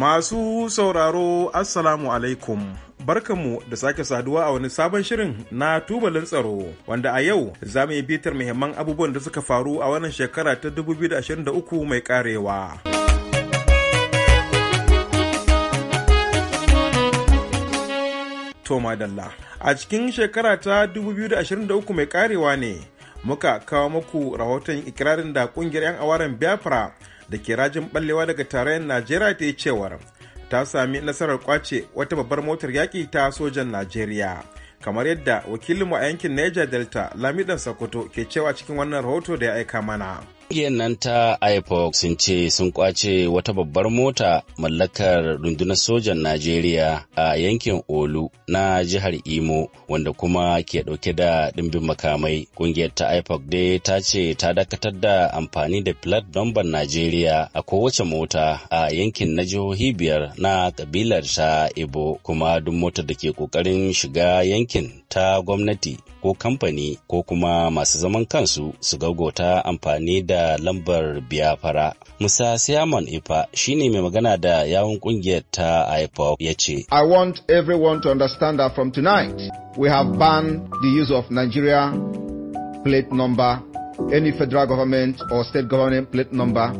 Masu sauraro Assalamu alaikum. Barkanmu da sake saduwa a wani sabon shirin na tubalin tsaro wanda a yau za mu yi bitar muhimman abubuwan da suka faru a wannan shekara ta 2023 mai karewa. A cikin shekara ta 2023 mai karewa ne muka kawo muku rahoton ikirarin da kungiyar 'yan awaren Biafra da ke rajin ballewa daga tarayyar najeriya ta yi cewar ta sami nasarar kwace wata babbar motar yaƙi ta sojan najeriya kamar yadda wakilinmu a yankin niger delta lamidan sokoto ke cewa cikin wannan rahoto da ya aika mana Ƙungiyar nan ta IPOC sun ce sun kwace wata babbar mota mallakar rundunar sojan Najeriya a yankin Olu na jihar Imo wanda kuma ke ɗauke da ɗimbin makamai. Ƙungiyar ta IPOC dai ta ce ta dakatar da amfani da 'flat number Najeriya a kowace mota a yankin na jihohi biyar na kabilar ta Ibo kuma duk motar da ke ƙoƙarin shiga yankin ta gwamnati ko kamfani ko kuma masu zaman kansu su gaugota amfani da lambar biyafara. Musa Siamon Ifa ne mai magana da yawun kungiyar ta IPOP ya ce. I want everyone to understand that from tonight we have banned the use of Nigeria plate number, any federal government or state government plate number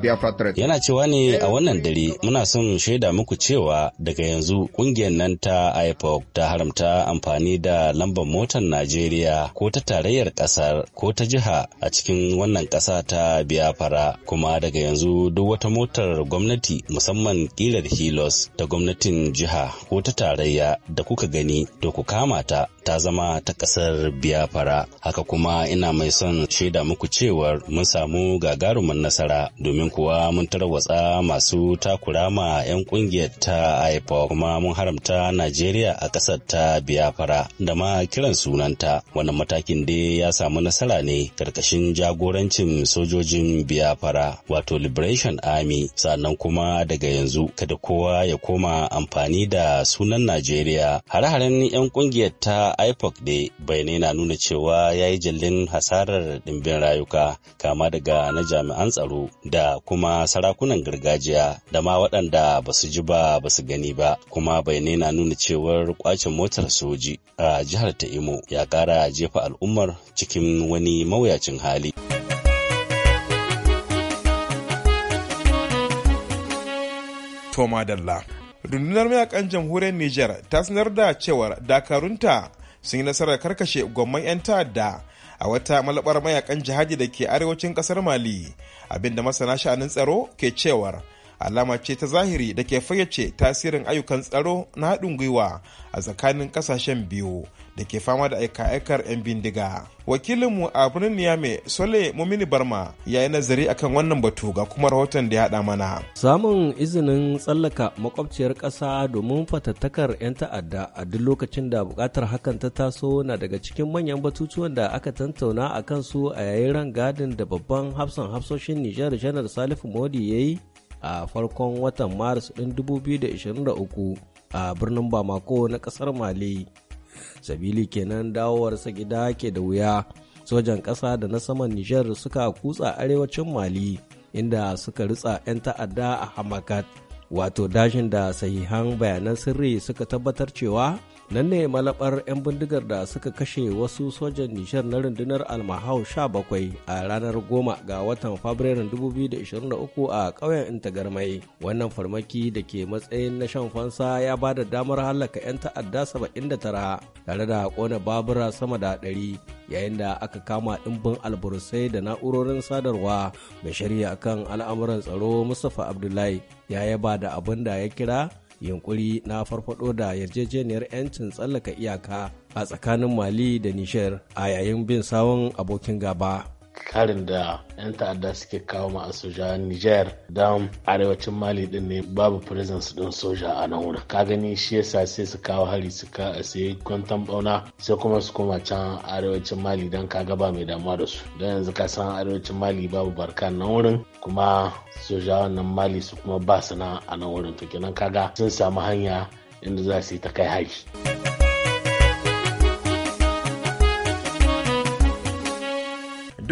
biafra threat yana cewa ne a wannan dare muna son shaida muku cewa daga yanzu kungiyar nan ta ipoc ta haramta amfani da lambar motar najeriya ko ta tarayyar kasar ko ta jiha a cikin wannan kasa ta biafra kuma daga yanzu duk wata motar gwamnati musamman kilar hilos ta gwamnatin jiha ko ta tarayya da kuka gani to ku kama ta ta zama ta kasar biafra haka kuma ina mai son shaida muku cewar mun samu gagarumin nasara domin kuwa mun tarwatsa masu takura ma 'yan kungiyar ta IPOC kuma mun haramta Najeriya a ƙasar ta Biyafara. da ma kiran sunanta wannan matakin dai ya samu nasara ne karkashin jagorancin sojojin Biyafara wato Liberation Army sannan kuma daga yanzu kada kowa ya koma amfani da sunan Najeriya hare-haren 'yan kungiyar ta IPOC dai bayanai na nuna cewa ya yi jallin hasarar ɗimbin rayuka kama daga na jami'an tsaro da kuma sarakunan gargajiya da ma waɗanda ba su ji ba ba su gani ba kuma bayanai na nuna cewar kwacin motar soji a jihar ta imo ya ƙara jefa al'ummar cikin wani mawuyacin hali. Toma Dalla. Rundunar mayakan jamhuriyar Nijar ta sanar da cewar dakarunta sun yi nasarar karkashe gwamman 'yan ta'adda a wata malabar mayakan jihadi da ke arewacin kasar mali abinda masana sha'anin tsaro ke cewar alama ce ta zahiri da ke fayyace tasirin ayyukan tsaro na haɗin gwiwa a tsakanin ƙasashen biyu da ke fama da aika-aikar 'yan bindiga. Wakilinmu a birnin Niyame Sole Mumini Barma ya yi nazari akan wannan batu ga kuma rahoton da ya haɗa mana. Samun izinin tsallaka makwabciyar ƙasa domin fatattakar 'yan ta'adda a duk lokacin da buƙatar hakan ta taso na daga cikin manyan batutuwan da aka tantauna a kansu a yayin rangadin da babban hafsan hafsoshin Nijar Janar Salifu Modi ya yi a farkon watan maris ɗin 2023 a birnin bamako na ƙasar mali sabili kenan dawowarsa gida ke da wuya sojan ƙasa da na saman nijar suka kutsa arewacin mali inda suka ritsa 'yan ta'adda a hamakat wato dashin da sahihan bayanan sirri suka tabbatar cewa nan ne malabar 'yan bindigar da suka kashe wasu sojan nishar na rundunar almahau 17 a ranar 10 ga watan fabrairun 2023 a ƙauyen intagarmai wannan farmaki da ke matsayin na shan fansa ya ba da damar halaka 'yan ta'adda 79 tare da kona babura sama da 100 yayin da aka kama ɗimbin alburusai da na'urorin sadarwa mai shari'a kan al'amuran tsaro mustapha abdullahi ya yaba da abin da ya kira yunkuri na farfado da yarjejeniyar 'yancin tsallaka iyaka a tsakanin mali da nishar a yayin bin sawon abokin gaba karin da 'yan ta'adda suke kawo ma a soja Nijar don arewacin Mali din ne babu presence din soja a nan wurin. Ka gani shi yasa sai su kawo hari su ka sai kwantan bauna sai kuma su koma can arewacin Mali don ka gaba mai damuwa da su. Don yanzu ka san arewacin Mali babu barka nan wurin kuma soja wannan Mali su kuma ba su na a nan wurin to kenan kaga sun samu hanya inda za su yi ta kai hari.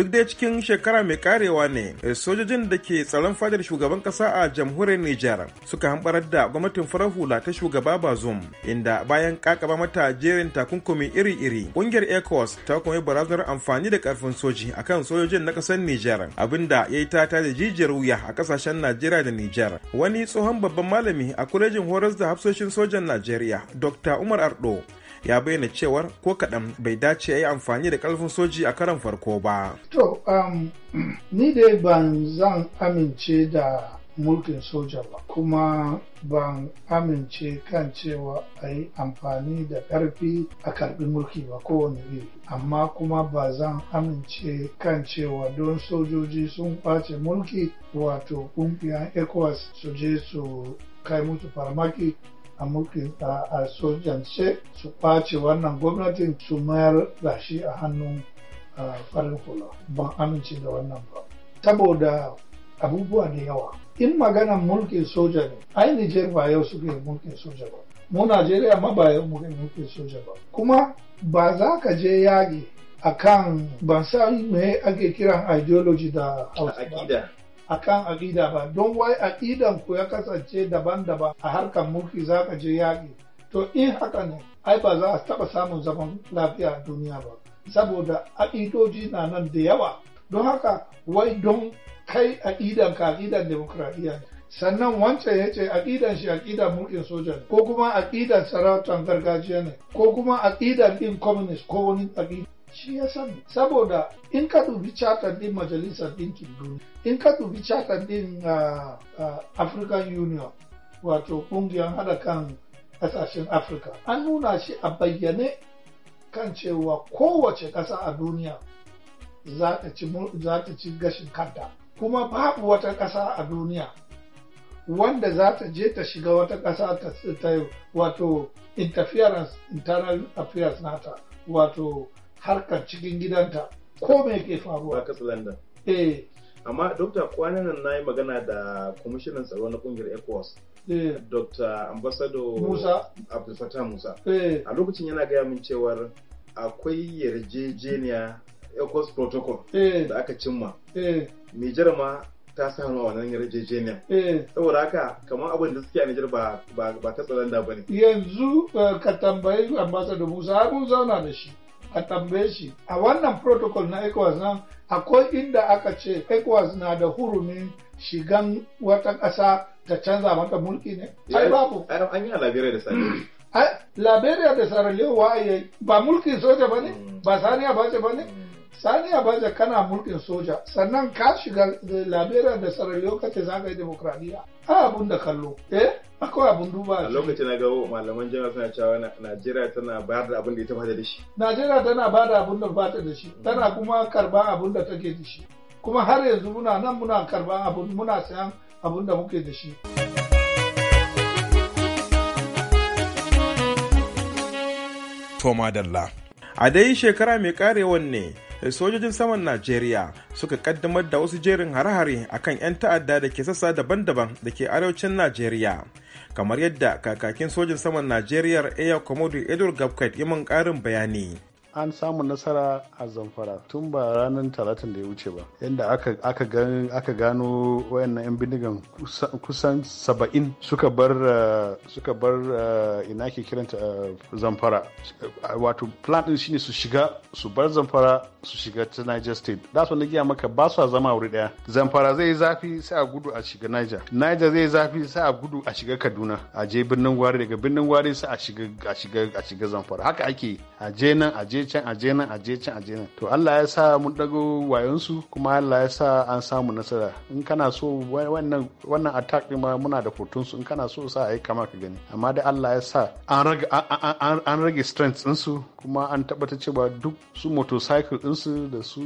duk dai cikin shekara mai karewa ne eh, sojojin da ke tsaron fadar shugaban kasa a jamhuriyar Nijar suka hambarar da gwamnatin farar hula ta shugaba Bazoum inda bayan kakaba mata jerin takunkumi iri-iri kungiyar Ecos ta kuma barazanar amfani da karfin soji akan sojojin na kasar Nijar abinda ya yi tata da jijiyar wuya a kasashen Najeriya da Nijar wani tsohon babban malami a kwalejin horas da hafsoshin sojan Najeriya Dr. Umar Ardo ya bayyana cewar ko kaɗan bai dace ya yi amfani da ƙarfin soji a karan farko ba. To, um, ni dai ban zan amince da mulkin soja ba kuma ban amince kan cewa a yi amfani da ƙarfi a karɓi mulki ba kowane iri amma kuma ba zan amince kan cewa don sojoji sun ɓace mulki wato ƙungiyar ecowas su je su kai mutu farmaki a mulkin a sojance su kwace wannan gwamnatin su mayar da shi a hannun farin kula ban amince da wannan ba saboda abubuwa da yawa in magana mulkin soja ne ai Nijar ba yau suke mulkin soja ba mu Najeriya ma ba yau muke mulkin soja ba kuma ba za ka je yaƙi akan ban sa me ake kiran ideology da hausa ba. a kan aƙida ba don wai aƙidan ku ya kasance daban-daban a harkar mulki za ka je yaƙi to in haka ne ai ba za a taɓa samun zaman lafiya a duniya ba saboda aƙidoji na nan da yawa don haka wai don kai aƙidan ka aƙidan demokradiyya ne sannan wancan ya ce aƙidan shi aƙidan mulkin soja ne ko kuma aƙidan sarautan gargajiya ne ko kuma aƙidan ɗin communist ko wani aƙida shi ya sani saboda in ka dubi chatar din majalisar ɗinkin duniya in ka dubi chatar din ah, ah, african union wato ƙungiyar haɗa kan ƙasashen afirka an nuna shi a bayyane kan cewa kowace ƙasa a duniya za ta ci gashin kanta kuma babu wata ƙasa a duniya wanda za ta je ta shiga wata ƙasa ta wato interference internal affairs nata wato harkar cikin gidanta ko me ke faruwa katsalandan eh amma dokta kwanan nan na yi magana da kwamishinan tsaro na kungiyar ecowas eh. dr ambassador musa abdulfatah musa eh. a lokacin yana gaya min cewar akwai yarjejeniya ecowas protocol eh. da aka cimma mai ma ta samu a wannan yarjejeniya saboda haka kamar abin da suke a nijar ba tsalanda ba ne yanzu ka tambayi ambassador musa mun zauna da shi a tambaye shi a wannan protocol na ecowas nan akwai inda aka ce ecowas na da hurumin shigan wata ƙasa ta canza mata mulki ne eh, ai babu an yi a da sani liberia da sierra wa ba mulkin soja ba ne mm. ba saniya ba ce ba mm. sani baja kana mulkin soja sannan ka shiga labera da sarari lokacin zagaye demokradiyya a abun da kallo eh akwai abun duba a lokacin na gawo malaman jami'a suna cewa najeriya tana bayar da abun da ita bata da shi najeriya tana bayar da abun da bata da shi tana kuma karban abun da take da shi kuma har yanzu muna nan muna karban abun muna sayan abun da muke da shi. Toma Dalla. A dai shekara mai karewan ne Eh, sojojin saman najeriya suka kaddamar da wasu jerin hare-hare kan 'yan ta'adda da ke sassa daban-daban da ke arewacin najeriya kamar yadda kakakin sojin saman najeriya air commodore edward gabkat yi mun karin bayani an samu nasara a zamfara tun ba ranar talatin da ya wuce ba yadda aka gano wayannan 'yan bindigan kusan saba'in suka bar eh, suka bar eh, ina ke kiranta eh, zamfara wato plan din shine su shiga su bar zamfara su shiga ta niger state da su giya maka ba su a zama wuri daya zamfara zai zafi sai a gudu a shiga niger niger zai zafi sai a gudu a shiga kaduna a je birnin gwari daga birnin gwari sai a a shiga zamfara haka ake a je nan a je aje can aje nan aje can aje nan to Allah ya sa mun dago wayonsu kuma Allah ya sa an samu nasara in kana so wannan wannan attack din ma muna da hoton su in kana so sa ai kama ka gani amma da Allah ya sa an rage an rage strength din su kuma an tabbata cewa duk su motorcycle ɗinsu da su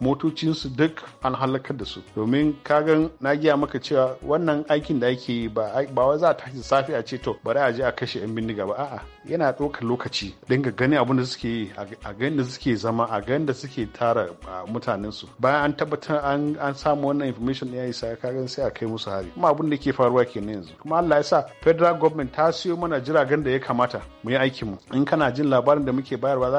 motocinsu duk an halakar da su domin kagan na giya maka cewa wannan aikin da ake yi ba wai za a tashi safi a ce to bari a je a kashe 'yan bindiga ba a'a yana ɗaukar lokaci dinga gani abin da suke yi a ganin da suke zama a ga da suke tara mutanen su. bayan an tabbatar an samu wannan information ya isa kagan sai a kai musu hari kuma abin da ke faruwa kenan yanzu kuma Allah ya sa federal government ta siyo mana jiragen da ya kamata mu yi aikin mu in kana jin labarin da muke bayarwa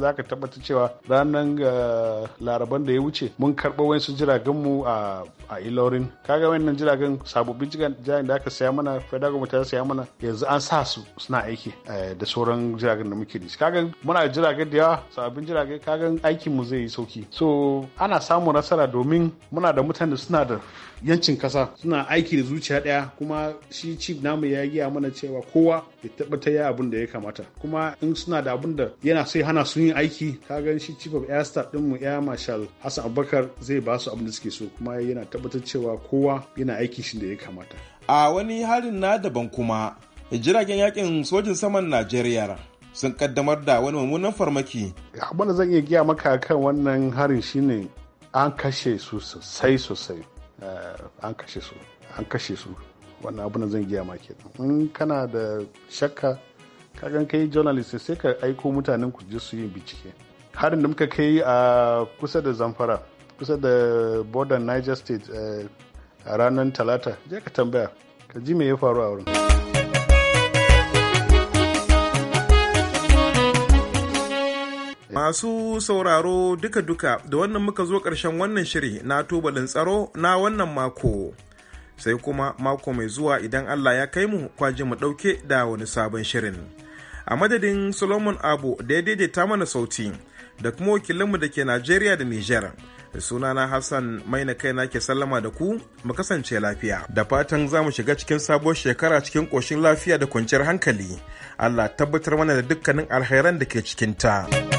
za ka tabbatar cewa ranar eh, laraban da ya wuce mun karɓo wasu jiragen mu a ilorin kaga wannan jiragen sabobin jiragen da aka saya mana federal government ta saya mana yanzu an sa su suna aiki eh, da sauran jiragen da muke da shi kaga muna jiragen da yawa sabobin jiragen kaga aikin mu zai yi sauki so ana samun nasara domin muna da mutane suna da yancin kasa suna aiki da zuciya daya kuma shi chief namu ya giya mana cewa kowa ya tabbata ya abin da ya kamata kuma in suna da abin da yana sai hana su yin aiki gan shi chief of air staff din mu air marshal Hassan Abubakar zai ba su abin da suke so kuma yana tabbatar cewa kowa yana aiki shi da ya kamata a wani harin na daban kuma jiragen yakin sojin saman Najeriya sun kaddamar da wani mummunan farmaki. abin da zan iya giya maka kan wannan harin shine an kashe su sosai sosai Eh, an kashe su an kashe su wannan abin zan giya ma kenan in kana da shakka ka kai journalist sai ka aiko mutanen ku je su yin bincike harin da muka kai a kusa da zamfara kusa da border niger state eh, a ranar talata je ka tambaya ka ji me ya faru a wurin Masu sauraro duka-duka da wannan muka zo ƙarshen wannan shiri na tubalin tsaro na wannan mako. Sai kuma mako mai zuwa idan Allah ya kai mu kwaji mu ɗauke da wani sabon shirin. A madadin Solomon Abu da ya daidaita mana sauti da kuma wakilinmu da ke Najeriya da Nijar. Sunana Hassan maina kaina ke sallama da ku mu kasance lafiya. Da fatan za mu shiga cikin sabuwar shekara cikin koshin lafiya da kwanciyar hankali. Allah tabbatar mana da dukkanin alheran da ke cikin ta.